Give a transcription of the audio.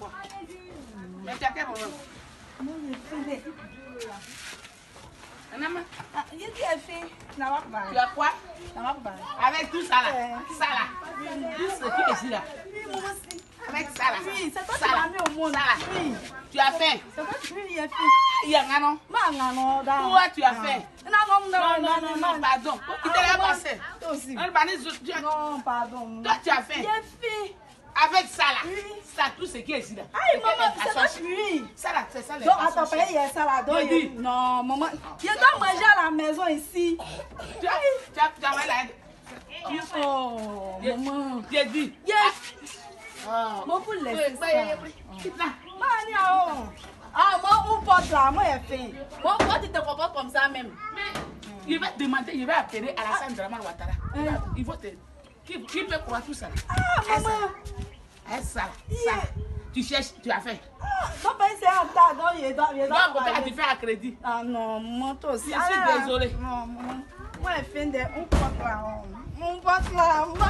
Tu as quoi Avec tout ça là. Ça là. est Avec ça là. c'est Ça là. Tu as fait. fait. Il y a un an. Pourquoi tu as fait Non, non, non, non, non, pardon. Non, pardon. tu as fait avec ça là. Ça, tout ce qui est ici là. Aïe, ah, maman, c'est pas fini. Ça là, c'est ça là. Donc, attends, paye, il y a ça là. Donc, non, maman. Il ah, doit manger à la maison ici. Tu as, tu as, tu as mal à Oh, maman. J'ai dit. Yes. Ah. Mon poulet. Mania, oh. Ah, moi, où porte là Moi, j'ai fait. Moi, pourquoi tu te comportes comme ça même Il va demander, il va appeler de la Ouattara. Hein? Il va te. Qui qui peut croire tout ça Ah, maman ça, ça. Tu cherches, tu as fait. Ah, non, pas à ta, non, il est dans le Non, tu fais à crédit. Ah non, mon toi aussi. Je suis désolée. moi, je fais des. On mon là, on porte là, on porte là.